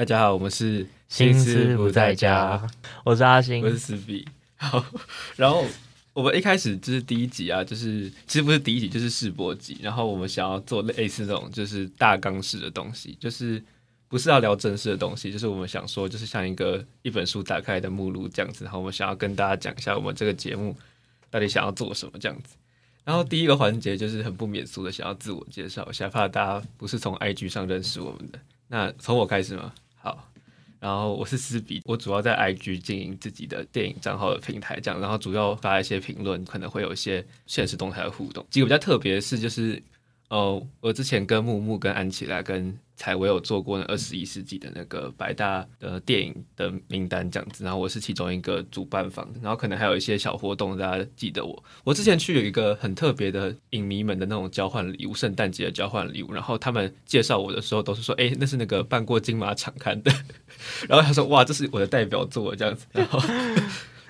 大家好，我們是新斯不在家，在家我是阿新，我是斯比。好，然後我們一開始就是第一集啊，就是其實不是第一集，就是試播集。然後我們想要做類似這種就是大綱式的東西，就是不是要聊正式的東西，就是我們想說，就是像一個一本書打開的目錄這樣子。然後我們想要跟大家講一下，我們這個節目到底想要做什麼這樣子。然後第一個環節就是很不免俗的想要自我介紹一下，怕大家不是從 IG 上認識我們的，那從我開始嗎？好，然後我是斯比，我主要在 IG 經營自己的電影賬號的平台這樣，然後主要發一些評論，可能會有一些現實動態的互動。幾個比較特別的是，就是。哦，我之前跟木木、跟安琪拉、跟才薇有做過那二十一世紀的那個百大的、呃、電影的名單這樣子，然後我是其中一個主辦方，然後可能還有一些小活動，大家記得我。我之前去有一個很特別的影迷們的那種交換禮物，聖誕節的交換禮物，然後他們介紹我的時候都是說：“哎、欸，那是那個辦過金馬場刊的。 ”然後他說：“哇，這是我的代表作這樣子。”然後，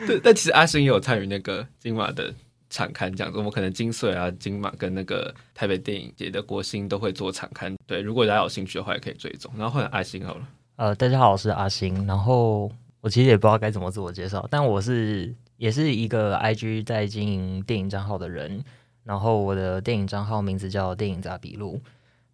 但 但其實阿新也有參與那個金馬的。場刊這樣子，我們可能金穗啊、金馬跟那個台北電影節的國興都會做場刊。對，如果大家有興趣的話，也可以追蹤。然後換成阿星好了。呃，大家好，我是阿星。然後我其實也不知道該怎麼自我介紹，但我是也是一個 IG 在經營電影賬號的人。然後我的電影賬號名字叫電影雜筆錄。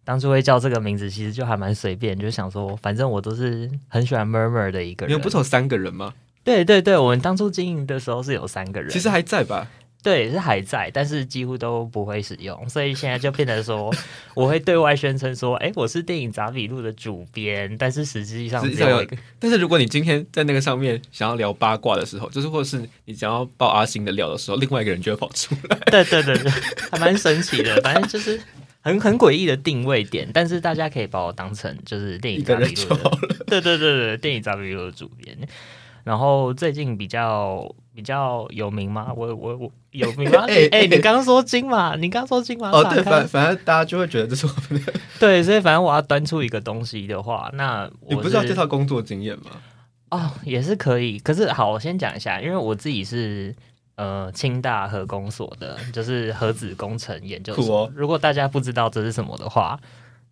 當初會叫這個名字，其實就還蠻隨便，就想說，反正我都是很喜歡 murmur 的一個人。你有不愁三個人嗎？對對對，我們當初經營的時候是有三個人，其實還在吧。對，是還在，但是幾乎都不會使用，所以現在就變成說，我會對外宣稱說，誒，我是電影雜筆錄的主編，但是實際上是這樣有一個，但是如果你今天在那個上面想要聊八卦的時候，就是或者是你想要爆阿星的料的時候，另外一個人就會跑出來。對對對對，還蠻神奇的，反正就是很很詭異的定位點，但是大家可以把我當成就是電影雜筆錄的，對對對對，電影雜筆錄的主編。然後最近比較比較有名嗎？我我我有名嗎？哎，你剛說金馬。欸、你剛，剛說金馬哦？對，反看反正大家就會覺得這是我們的，對，所以反正我要端出一個東西的話，那我你不是要介紹工作經驗嗎？哦，也是可以，可是好，我先講一下，因為我自己是呃清大核工所的，就是核子工程研究所。哦、如果大家不知道這是什麼的話，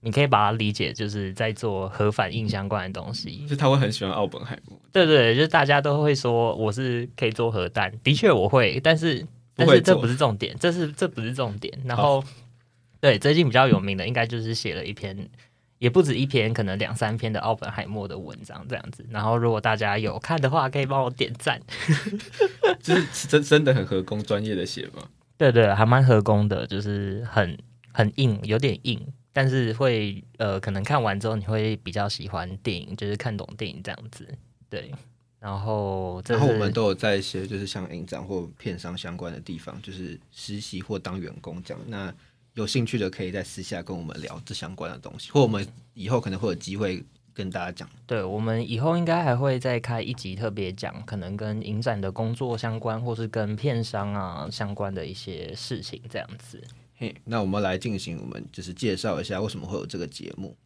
你可以把它理解，就是在做核反應相關的東西。就是他會很喜歡奧本海默。對對，就是大家都會說我是可以做核彈，的確我會，但是但是這不是重點，這是這不是重點。然後、哦、對，最近比較有名的應該就是寫了一篇，也不止一篇，可能兩三篇的奧本海默的文章這樣子。然後如果大家有看的話，可以幫我點讚。就是真真的很核工專業的寫嗎？對對，還蠻核工的，就是很很硬，有點硬。但是會呃，可能看完之後你會比較喜歡電影，就是看懂電影這樣子，對。然後這，然後我們都有在一些就是像影展或片商相關的地方，就是實習或當員工這樣。那有興趣的可以在私下跟我們聊這相關的東西，或我們以後可能會有機會跟大家講。對，我們以後應該還會再開一集特別講，可能跟影展的工作相關，或是跟片商啊相關的一些事情這樣子。嘿，那我們來進行，我們就是介紹一下為什麼會有這個節目。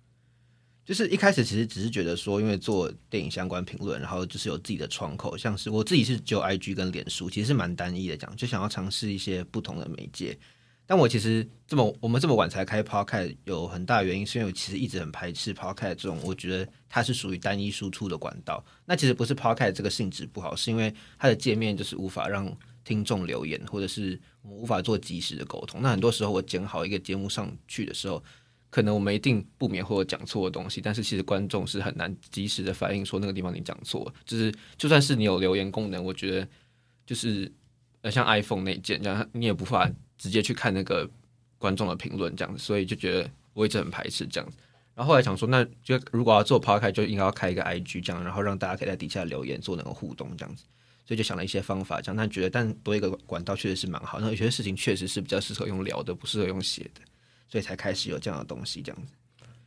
就是一開始其實只是覺得說，因為做電影相關評論，然後就是有自己的窗口，像是我自己是只有 IG 跟臉書，其實是蠻單一的。講，就想要嘗試一些不同的媒介。但我其實這麼，我們這麼晚才開 Podcast 有很大的原因是因為我其實一直很排斥 Podcast 這種，我覺得它是屬於單一輸出的管道。那其實不是 Podcast 這個性質不好，是因為它的界面就是無法讓聽眾留言，或者是。我無法做及時的溝通。那很多時候，我剪好一個節目上去的時候，可能我們一定不免會有講錯的東西。但是其實觀眾是很難及時的反映說那個地方你講錯了。就是就算是你有留言功能，我覺得就是呃像 iPhone 那一件，這樣你也無法直接去看那個觀眾的評論這樣子。所以就覺得我一直很排斥這樣子。然後、啊、後來想說，那就如果要做 Podcast，就應該要開一個 IG 這樣，然後讓大家可以在底下留言，做那個互動這樣子。所以就想了一些方法這樣，他覺得但多一個管道確實是蠻好。然後有些事情確實是比較適合用聊的，不適合用寫的，所以才開始有這樣的東西這樣子。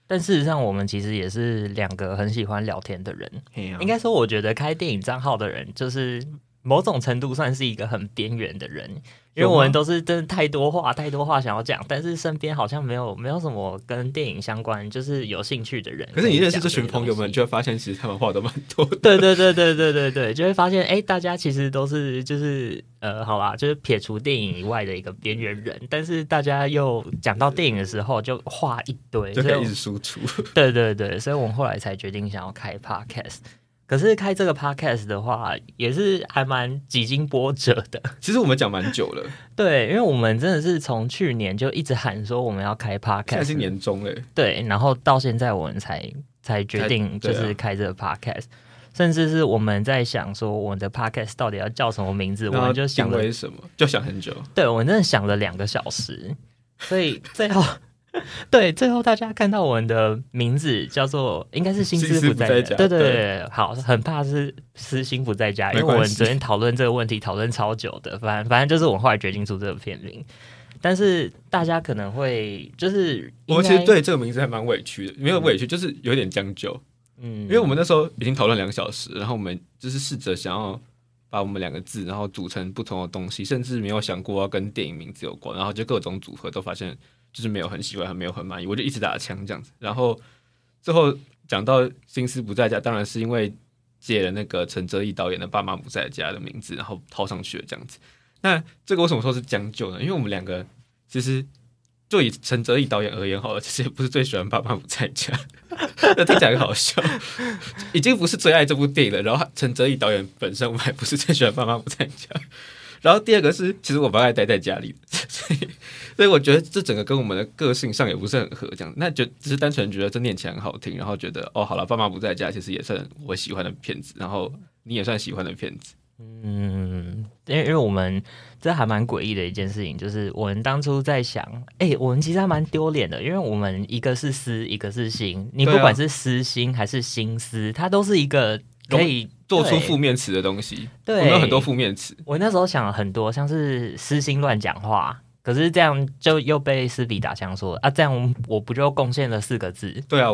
但事實上，我們其實也是兩個很喜歡聊天的人。應該說，我覺得開電影賬號的人就是。某種程度算是一個很邊緣的人，因為我們都是真的太多話，嗎太多話想要講，但是身邊好像沒有沒有什麼跟電影相關，就是有興趣的人可。可是你認識這群朋友們，就會發現其實他們話都蠻多的。對,對對對對對對對，就會發現哎、欸，大家其實都是就是呃，好吧，就是撇除電影以外的一個邊緣人，但是大家又講到電影的時候就話一堆，就是一直輸出。對,對對對，所以我們後來才決定想要開 Podcast。可是開這個 podcast 的話，也是還蠻幾經波折的。其實我們講蠻久了， 對，因為我們真的是從去年就一直喊說我們要開 podcast，現在是年終誒、欸，對，然後到現在我們才才決定就是開這個 podcast，、啊、甚至是我們在想說我們的 podcast 到底要叫什麼名字，後我們就想為什麼，就想很久，對，我們真的想了兩個小時， 所以最後。 對，最後大家看到我們的名字叫做，應該是心思不在家，在家對，對對對，對好，很怕是私心不在家，因為我們昨天討論這個問題，討論超久的，反正反正就是我後來決定出這個片名，但是大家可能會就是，我其實對這個名字還蠻委屈的，沒有委屈，嗯、就是有點將就，嗯，因為我們那時候已經討論兩個小時，然後我們就是試着想要把我們兩個字，然後組成不同的東西，甚至沒有想過要跟電影名字有關，然後就各種組合都發現。就是沒有很喜歡，還沒有很滿意，我就一直打槍這樣子。然後最後講到新斯不在家，當然是因為借了那個陳哲藝導演的《爸媽不在家》的名字，然後套上去的。這樣子。那這個為什麼說是將就呢？因為我們兩個其實就以陳哲藝導演而言好了，其實也不是最喜歡《爸媽不在家，》 那聽起來好笑， 已經不是最愛這部電影了。然後陳哲藝導演本身，我還不是最喜歡《爸媽不在家》。然後第二個是，其實我不愛待在家裡，所以所以我覺得這整個跟我們的個性上也不是很合這樣，那就只是單純覺得這念起來很好聽，然後覺得哦，好了，爸媽不在家，其實也算我喜歡的片子，然後你也算喜歡的片子。嗯，因為因為我們這還蠻詭異的一件事情，就是我們當初在想，哎，我們其實還蠻丟臉的，因為我們一個是私，一個是心，你不管是私心還是心思，它都是一個可以、嗯。對做出負面詞的東西，對，有沒有很多負面詞。我那時候想了很多，像是新斯亂講話，可是這樣就又被斯比打槍說啊，這樣我不就貢獻了四個字？對啊，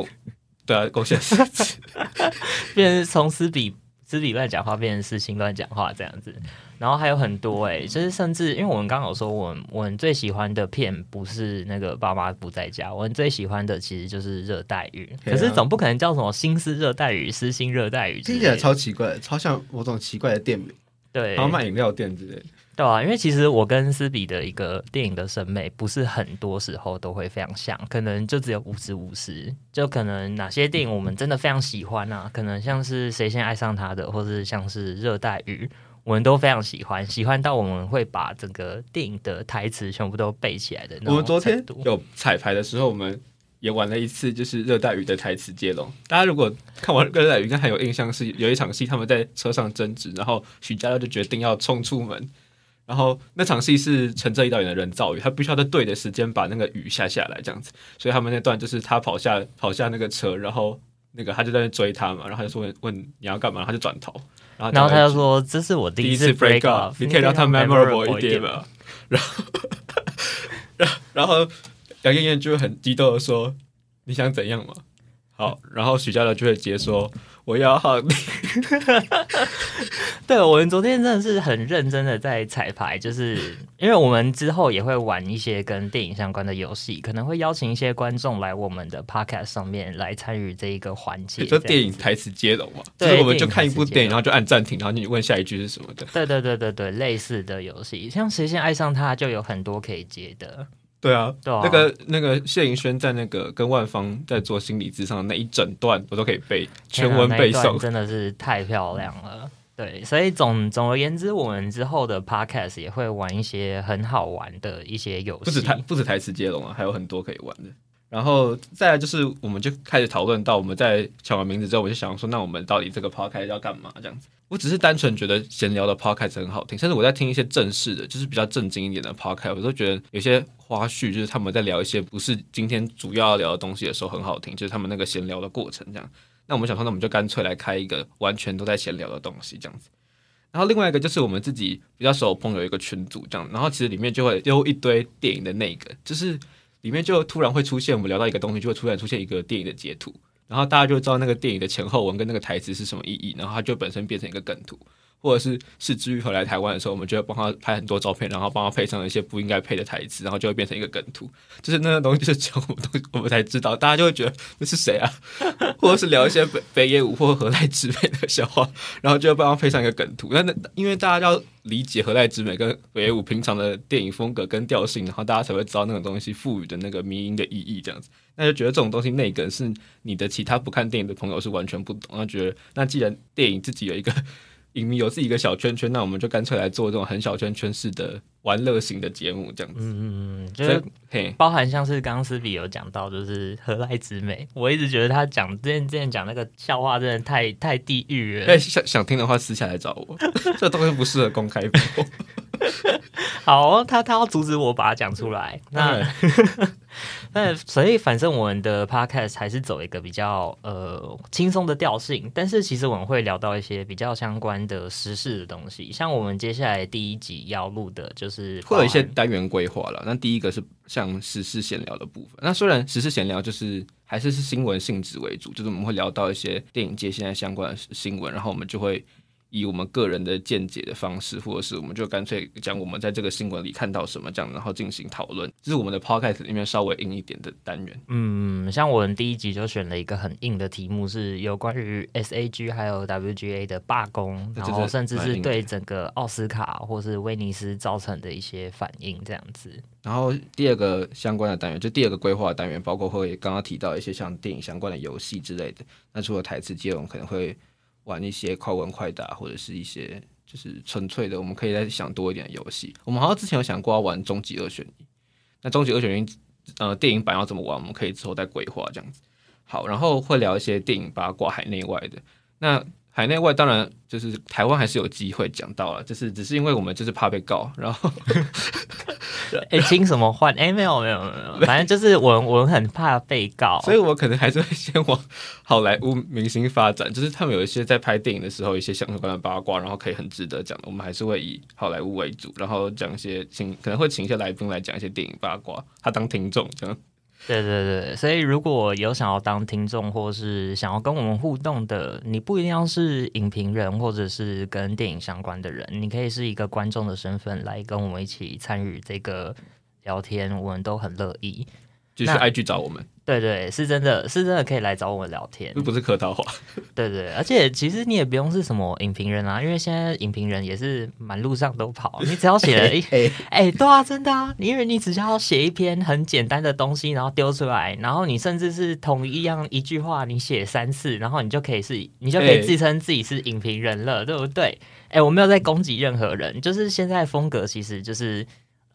對啊，貢獻四個字， 變成從斯比、斯比亂講話變成新斯亂講話這樣子。然後還有很多哎、欸，就是甚至因為我們剛剛有說我們，我我最喜歡的片不是那個爸媽不在家，我們最喜歡的其實就是熱帶魚。啊、可是總不可能叫什麼新斯熱帶魚、斯新熱帶魚，聽起來超奇怪，超像某種奇怪的店名。對，好賣飲料店之類。對啊，因為其實我跟斯比的一個電影的審美，不是很多時候都會非常像，可能就只有五十五十。就可能哪些電影我們真的非常喜歡啊、嗯、可能像是誰先愛上他的，或是像是熱帶魚。我們都非常喜歡，喜歡到我們會把整個電影的台詞全部都背起來的那種。我們昨天有彩排的時候，我們也玩了一次，就是熱帶雨的台詞接龍。大家如果看完《熱帶雨》應該很有印象，是有一場戲他們在車上爭執，然後許家樂就決定要衝出門。然後那場戲是陳哲藝導演的人造雨，他必須要在對的時間把那個雨下下來，這樣子。所以他們那段就是他跑下跑下那個車，然後。那個他就在那追他嘛，然後他就說問，問你要幹嘛，他就轉頭，然後他就，後他就說，這是我第一次 break up，你可以讓他 memorable mem 一點嘛， 然後然後楊艷艷就很激動的說，你想怎樣嘛？好，然後許家樂就會接說：“嗯、我要好你。” 對，我們昨天真的是很認真的在彩排，就是因為我們之後也會玩一些跟電影相關的遊戲，可能會邀請一些觀眾來我們的 Podcast 上面來參與這一個環節，就電影台詞接龍嘛。對，我們就看一部電影，電影然後就按暫停，然後你問下一句是什麼的。對對對對對，類似的遊戲，像誰先愛上他，就有很多可以接的。對啊，對啊那個那個謝盈萱在那個跟萬芳在做心理諮商的那一整段，我都可以背全文背誦，啊、真的是太漂亮了。對，所以總總而言之，我們之後的 podcast 也會玩一些很好玩的一些遊戲，不止台不止台詞接龍啊，還有很多可以玩的。然後再來就是，我們就開始討論到我們在搶完名字之後，我就想說，那我們到底這個 Podcast 要幹嘛？這樣子，我只是單純覺得閒聊的 Podcast 是很好聽，甚至我在聽一些正式的，就是比較正經一點的 Podcast，我都覺得有些花絮，就是他們在聊一些不是今天主要要聊的東西的時候很好聽，就是他們那個閒聊的過程這樣。那我們想說，那我們就乾脆來開一個完全都在閒聊的東西這樣子。然後另外一個就是我們自己比較熟的朋友一個群組這樣，然後其實裡面就會丟一堆電影的那個，就是。裡面就突然會出現，我們聊到一個東西，就會突然出現一個電影的截圖，然後大家就知道那個電影的前後文跟那個台詞是什麼意義，然後它就本身變成一個梗圖。或者是是枝裕和來台灣的時候，我們就會幫他拍很多照片，然後幫他配上一些不應該配的台詞，然後就會變成一個梗圖。就是那個東西是講，我們都我們才知道，大家就會覺得那是誰啊？或者是聊一些北北野武或河瀨直美的笑話，然後就會幫他配上一個梗圖。那那因為大家要理解河瀨直美跟北野武平常的電影風格跟調性，然後大家才會知道那個東西賦予的那個迷因的意義這樣子。那就覺得這種東西那個是你的其他不看電影的朋友是完全不懂，那覺得那既然電影自己有一個。影迷有自己的小圈圈，那我們就乾脆來做這種很小圈圈式的玩樂型的節目，這樣子。嗯嗯嗯，就是包含像是斯比有講到，就是何來之美，我一直覺得他講之前之前講那個笑話真的太太地獄了。想想聽的話，私下來找我，這東西不適合公開播。 好，他他要阻止我把它講出來，嗯、那。 那所以，反正我們的 podcast 還是走一個比較呃輕鬆的調性，但是其實我們會聊到一些比較相關的時事的東西。像我們接下來第一集要錄的，就是會有一些單元規劃了。那第一個是像時事閒聊的部分。那雖然時事閒聊就是還是是新聞性質為主，就是我們會聊到一些電影界現在相關的新聞，然後我們就會。以我們個人的見解的方式，或者是我們就乾脆講我們在這個新聞裡看到什麼，這樣然後進行討論，這是我們的 Podcast 裡面稍微硬一點的單元。嗯，像我們第一集就選了一個很硬的題目，是有關於 SAG 還有 WGA 的罷工，然後甚至是對整個奧斯卡或是威尼斯造成的一些反應這樣子。然後第二個相關的單元，就第二個規劃單元，包括會剛剛提到一些像電影相關的遊戲之類的，那除了台詞接龍，可能會。玩一些快問快答，或者是一些就是純粹的，我們可以再想多一點遊戲。我們好像之前有想過要玩《終極二選一》，那《終極二選一》呃電影版要怎麼玩，我們可以之後再規劃這樣子。好，然後會聊一些電影八卦，把它海內外的那。海內外當然就是台灣還是有機會講到了，就是只是因為我們就是怕被告，然後哎 對，聽 什麼話哎沒有沒有沒有，反正就是我 我很怕被告，所以我可能還是會先往好萊塢明星發展，就是他們有一些在拍電影的時候一些相關的八卦，然後可以很值得講的，我們還是會以好萊塢為主，然後講一些請可能會請一些來賓來講一些電影八卦，他當聽眾這樣。對對對，所以如果有想要當聽眾，或是想要跟我們互動的，你不一定要是影評人，或者是跟電影相關的人，你可以是一個觀眾的身份來跟我們一起參與這個聊天，我們都很樂意。就是 IG 找我們，對對，是真的，是真的可以來找我們聊天，這不是客套話。對對，而且其實你也不用是什麼影評人啊，因為現在影評人也是滿路上都跑，你只要寫了一， 哎，哎，對啊，真的啊，你以為你只要寫一篇很簡單的東西，然後丟出來，然後你甚至是同一樣一句話，你寫三次，然後你就可以是，你就可以自稱自己是影評人了，哎，對不對？哎，我沒有在攻擊任何人，就是現在風格其實就是。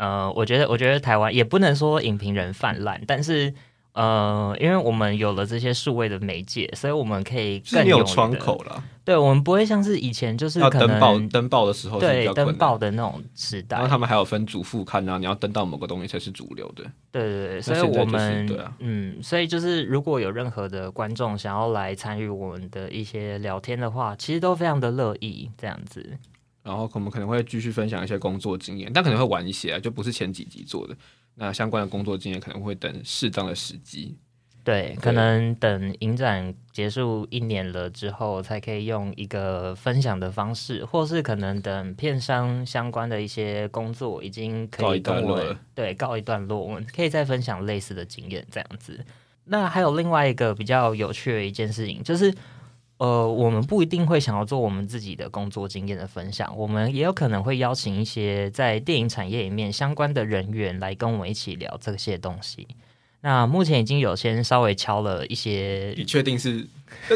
呃，我覺得，我覺得台灣也不能說影評人泛濫，但是，呃，因為我們有了這些數位的媒介，所以我們可以更有、有窗口了。對，我們不會像是以前，就是可能登報登報的時候比較困難，對登報的那種時代。然後他們還有分主副刊，然後你要登到某個東西才是主流的。對，對對，所以我們、就是啊、嗯，所以就是如果有任何的觀眾想要來參與我們的一些聊天的話，其實都非常的樂意這樣子。然後我們可能會繼續分享一些工作經驗，但可能會晚一些啊，就不是前幾集做的那相關的工作經驗，可能會等適當的時機。對，對可能等影展結束一年了之後，才可以用一個分享的方式，或是可能等片商相關的一些工作已經可以告一段落。對，告一段落，一段落，我們可以再分享類似的經驗這樣子。那還有另外一個比較有趣的一件事情，就是。呃，我們不一定會想要做我們自己的工作經驗的分享，我們也有可能會邀請一些在電影產業裡面相關的人員來跟我們一起聊這些東西。那目前已經有先稍微敲了一些，你確定是？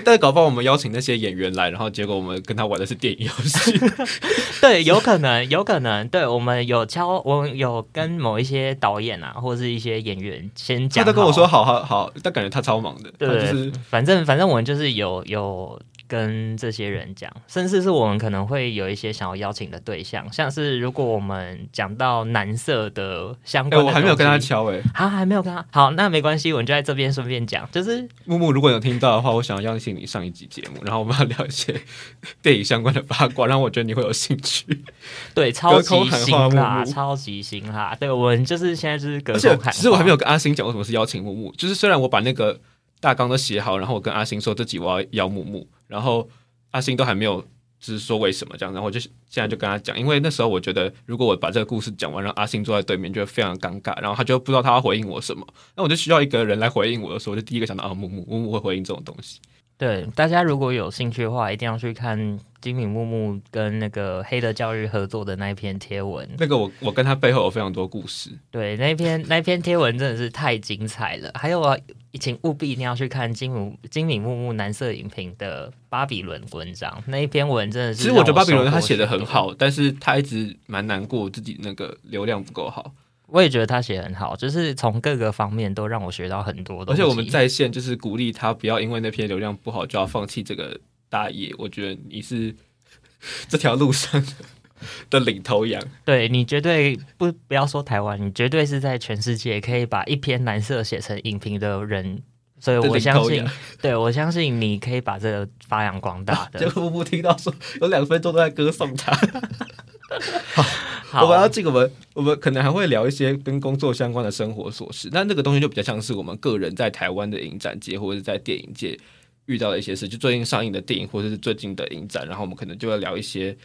但 搞不好我們邀請那些演員來，然後結果我們跟他玩的是電影遊戲。 對，有可能，有可能。對，我們有敲，我們有跟某一些導演啊，或者是一些演員先講，他都跟我說好好好，但感覺他超忙的。對，對，對，就是、反正反正我們就是有有。跟這些人講，甚至是我們可能會有一些想要邀請的對象，像是如果我們講到男色的相關的、欸、我還沒有跟他敲誒、欸，啊還沒有跟他，好，那沒關係，我們就在這邊順便講，就是木木如果你有聽到的話，我想要邀請你上一集節目，然後我們要聊一些電影相關的八卦，讓我覺得你會有興趣，對，超級新哈，超級新哈，對我們就是現在就是隔空喊，其實我還沒有跟阿星講為什麼是邀請木木，就是雖然我把那個。大綱都寫好，然後我跟阿新說這幾我要邀木木，然後阿新都還沒有是說為什麼這樣，然後我就現在就跟他講，因為那時候我覺得如果我把這個故事講完，讓阿新坐在對面，就會非常尷尬，然後他就不知道他要回應我什麼，那我就需要一個人來回應我的時候，所以我就第一個想到啊木木，木木會回應這種東西。對，大家如果有興趣的話，一定要去看。金敏木木跟那個黑的教育合作的那一篇貼文，那個我我跟他背後有非常多故事。對，那一篇那一篇貼文真的是太精彩了。 還有啊，也請務必一定要去看金敏金敏木木男色影評的巴比倫文章。那一篇文真的是，其實我覺得巴比倫他寫的很好，但是他一直蠻難過自己那個流量不夠好。我也覺得他寫很好，就是從各個方面都讓我學到很多東西。而且我們在線就是鼓勵他不要因為那篇流量不好就要放棄這個。大爺，我覺得你是這條路上的領頭羊。對，你絕對不不要說台灣，你絕對是在全世界可以把一篇藍色寫成影評的人。所以我相信，對我相信，你可以把這個發揚光大。的，就不、啊、聽到說有兩分鐘都在歌頌他 好。好，我要進我們，我們可能還會聊一些跟工作相關的生活瑣事。那那，那個東西就比較像是我們個人在台灣的影展界，或者是在電影界。遇到的一些事，就最近上映的電影或者是最近的影展，然後我們可能就要聊一些。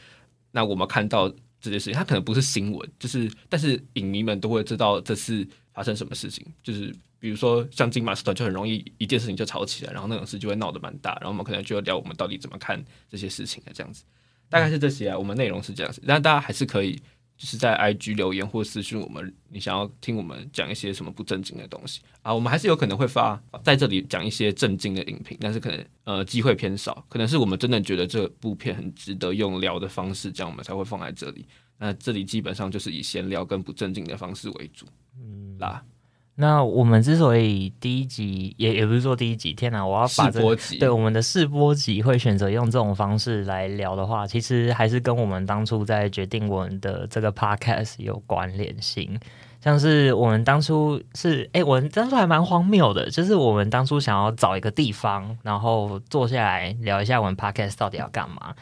那我們看到這些事情，它可能不是新聞，就是但是影迷們都會知道這次發生什麼事情，就是比如說像金馬四團就很容易一件事情就吵起來，然後那種事就會鬧得蠻大，然後我們可能就要聊我們到底怎麼看這些事情的，啊，這樣子。大概是這些啊，我們內容是這樣子，但大家還是可以。就是在 IG 留言或私訊我們，你想要聽我們講一些什麼不正經的東西啊？我們還是有可能會發在這裡講一些正經的影片，但是可能呃機會偏少，可能是我們真的覺得這部片很值得用聊的方式，這樣我們才會放在這裡。那這裡基本上就是以閒聊跟不正經的方式為主啦。那我們之所以第一集也，也不是說第一集，天吶，我要把這，對，我們的試播集會選擇用這種方式來聊的話，其實還是跟我們當初在決定我們的這個 podcast 有關聯性。像是我們當初是，誒、欸，我們當初還蠻荒謬的，就是我們當初想要找一個地方，然後坐下來聊一下我們 podcast 到底要幹嘛。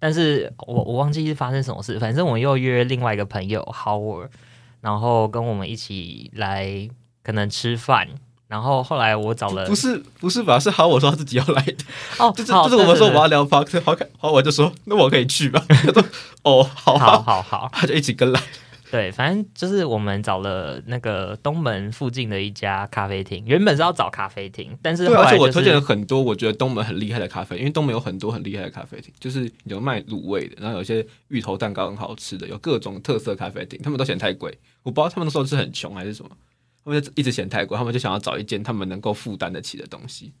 但是我我忘記是發生什麼事，反正我又約另外一個朋友 Howard，然後跟我們一起來。可能吃飯，然後後來我找了，不是不是，不是吧，是好，我說他自己要來的哦。Oh, 就是好就是我們說我們要聊 box，好看，看好我就說那我可以去吧。他 說哦，好，好好好，好好他就一起跟來。對，反正就是我們找了那個東門附近的一家咖啡廳，原本是要找咖啡廳，但是、就是、對而且我推薦了很多我覺得東門很厲害的咖啡，因為東門有很多很厲害的咖啡廳，就是有賣滷味的，然後有一些芋頭蛋糕很好吃的，有各種特色咖啡廳，他們都嫌太貴，我不知道他們那時候是很窮還是什麼。他們就一直嫌太貴，他們就想要找一件他們能夠負擔得起的東西。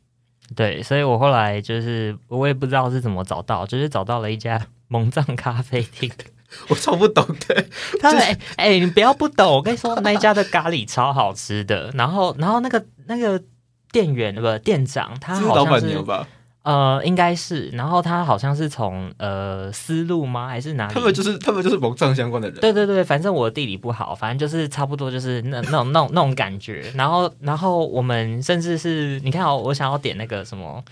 對，所以我後來就是，我也不知道是怎麼找到，就是找到了一家蒙藏咖啡廳。 我超不懂的，他哎，你不要不懂，我跟你說， 那一家的咖喱超好吃的。然後，然後那個那個店員，不是店長，他好像是老闆娘吧。呃，應該是，然後他好像是從呃絲路嗎？還是哪裡？他們就是他們就是蒙藏相關的人。對對對，反正我地理不好，反正就是差不多就是那那種那種那種感覺。 然後然後我們甚至是你看好，我想要點那個什麼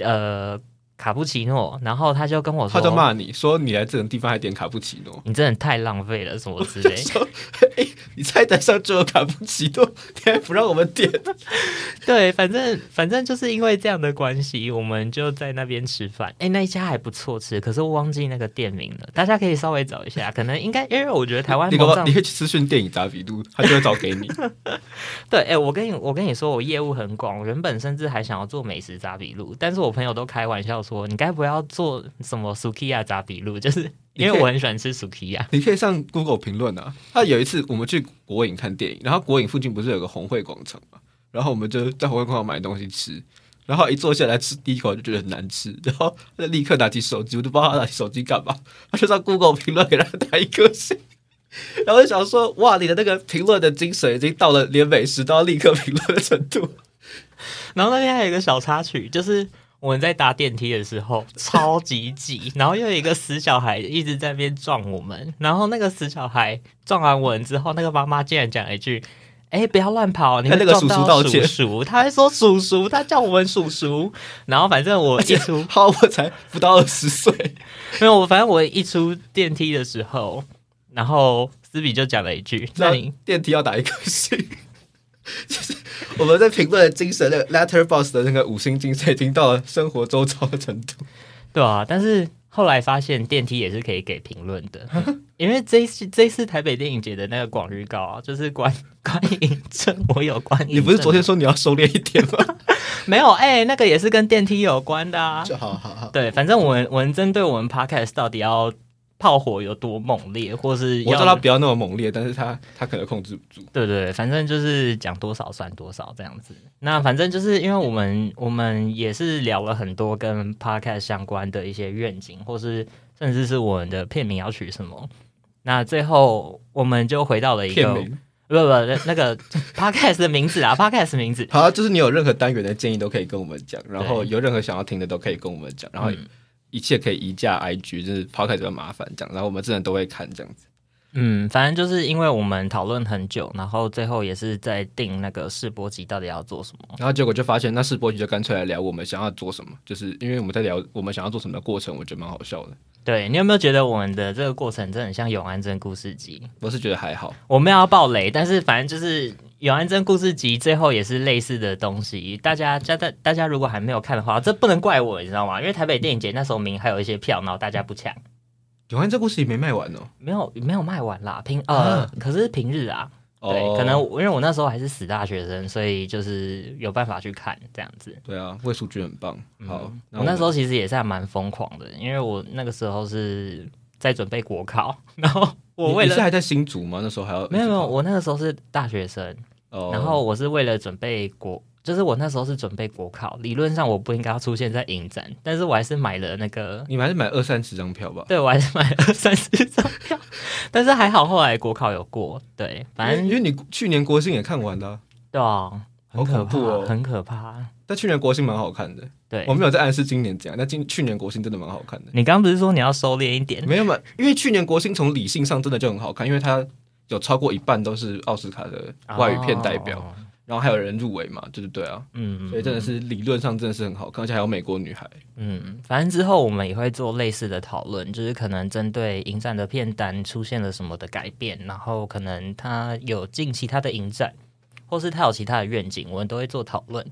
呃卡布奇諾，然後他就跟我說，他就罵你說你來這種地方還點卡布奇諾，你真的太浪費了什麼之類。你菜單上就有卡布奇諾，你還不讓我們點？ 對，反正反正就是因為這樣的關係，我們就在那邊吃飯。誒、欸，那一家還不錯吃，可是我忘記那個店名了，大家可以稍微找一下。可能應該，因為我覺得台灣，你你可以去諮詢電影查比錄，他就會找給你。 對，誒、欸，我跟你我跟你說，我業務很廣，原本甚至還想要做美食查比錄，但是我朋友都開玩笑說，你該不要做什麼 Sukiya 查比錄，就是。因為我很喜歡吃薯皮啊，你可以上 Google 評論啊。他有一次我們去國影看電影，然後國影附近不是有個紅會廣場嘛，然後我們就在紅會廣場買東西吃，然後一坐下來吃第一口就覺得很難吃，然後他就立刻拿起手機，我都不知道他拿起手機幹嘛，他就在 Google 評論給他打一顆星，然後就想說，哇，你的那個評論的精神已經到了連美食都要立刻評論的程度。然後那天還有一個小插曲就是。我們在搭電梯的時候超級擠， 然後又有一個死小孩一直在那邊撞我們，然後那個死小孩撞完我們之後，那個媽媽竟然講了一句：“哎，不要亂跑！”你看那個叔叔，叔叔他還說叔叔，他叫我們叔叔。然後反正我一出，好，我才不到二十歲， 沒有我，反正我一出電梯的時候，然後斯比就講了一句：“道那你電梯要打一顆星。”就是我們在評論的精神那個 Letterbox 的那個五星精神，已經到了生活周遭的程度。對啊，但是後來發現電梯也是可以給評論的，蛤因為這次這一次台北電影節的那個廣預告啊，就是觀,觀影證 我有觀影證你不是昨天說你要收斂一點嗎？ 沒有，誒、欸，那個也是跟電梯有關的、啊。就好好,好，好對，反正我們我們針對我們 Podcast 到底要。炮火有多猛烈，或是我知道他不要那麼猛烈，但是他他可能控制不住，對，對對？反正就是講多少算多少這樣子。那反正就是因為我們我們也是聊了很多跟 podcast 相關的一些願景，或是甚至是我們的片名要取什麼。那最後我們就回到了一個片名？不不，不那個 podcast 的名字啊，podcast， 名字。好，就是你有任何單元的建議都可以跟我們講，然後有任何想要聽的都可以跟我們講，對然後。嗯一切可以移駕 IG，就是拋開這個麻煩，這樣。然後我們真的都會看這樣子。嗯，反正就是因為我們討論很久，然後最後也是在定那個試播集到底要做什麼。然後結果就發現，那試播集就乾脆來聊我們想要做什麼。就是因為我們在聊我們想要做什麼的過程，我覺得蠻好笑的。對，你有沒有覺得我們的這個過程真的很像《永安鎮故事集》？我是覺得還好，我沒有要爆雷，但是反正就是《永安鎮故事集》最後也是類似的東西。大家、家、大、大家如果還沒有看的話，這不能怪我，你知道嗎？因為台北電影節那時候名還有一些票，然後大家不搶，《永安鎮故事集》沒賣完哦，沒有，沒有賣完啦。平呃，啊、可是平日啊。Oh. 對，可能因為我那時候還是死大學生，所以就是有辦法去看這樣子。對啊，魏淑娟很棒。好，嗯，我，我那時候其實也是還蠻瘋狂的，因為我那個時候是在準備國考，然後我為了，你是還在新竹嗎？那時候還要沒有沒有，我那個時候是大學生，Oh. 然後我是為了準備國。就是我那時候是準備國考，理論上我不應該要出現在影展，但是我還是買了那個。你們還是買二三十張票吧。對，我還是買二三十張票， 但是還好後來國考有過。對，反正因為你去年國慶也看完了、啊。對啊，很恐怖，很可怕。但去年國慶蠻好看的、哦。對，我沒有在暗示今年怎樣。但今去年國慶真的蠻好看的。對你剛剛不是說你要收斂一點？沒有嘛，因為去年國慶從理性上真的就很好看，因為它有超過一半都是奧斯卡的外語片代表。哦然後還有人入圍嘛，就是對啊，嗯、嗯、嗯，所以真的是理論上真的是很好看，而且還有美國女孩，嗯，反正之後我們也會做類似的討論，就是可能針對影展的片單出現了什麼的改變，然後可能他有進其他的影展，或是他有其他的願景，我們都會做討論。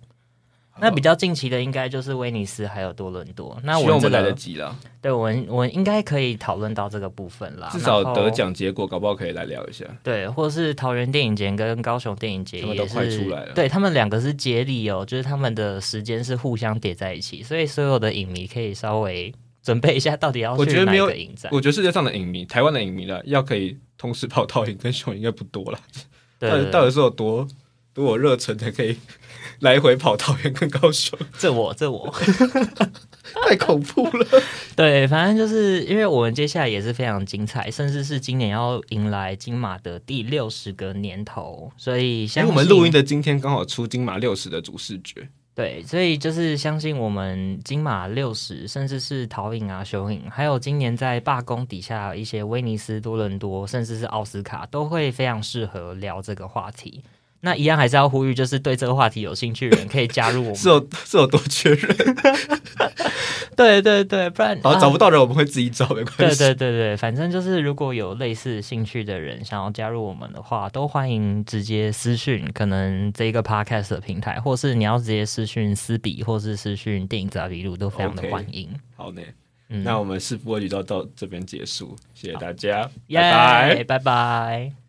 那比較近期的應該就是威尼斯還有多倫多，那我們、這個、我們來得及了。對，我們我們應該可以討論到這個部分啦。至少得獎結果，後搞不好可以來聊一下。對，或者是桃園電影節跟高雄電影節也是。對，他們兩個是接力哦，就是他們的時間是互相疊在一起，所以所有的影迷可以稍微準備一下，到底要去哪個影。我覺得沒有影展，我覺得世界上的影迷，台灣的影迷呢，要可以同時跑到影跟熊應該不多了。 到底對對對到底是有多多有熱忱才可以來回跑桃園跟高雄這，這我這我 太恐怖了。 對，反正就是因為我們接下來也是非常精彩，甚至是今年要迎來金馬的第六十個年頭，所以相信、欸、我們錄音的今天剛好出金馬六十的主視覺。對，所以就是相信我們金馬六十，甚至是桃影啊、雄影，還有今年在罷工底下一些威尼斯、多倫多，甚至是奧斯卡，都會非常適合聊這個話題。那一樣還是要呼籲，就是對這個話題有興趣的人可以加入我們。這這 有，有多缺人？ 對對對，不然好、啊、找不到人，我們會自己找沒關係。對對對對，反正就是如果有類似興趣的人想要加入我們的話，都歡迎直接私訊。可能這個 podcast 的平台，或是你要直接私訊斯比，或是私訊電影雜筆錄，都非常的歡迎。Okay, 好嘞，嗯、那我們試播集到到這邊結束，謝謝大家，好拜拜，拜拜、yeah。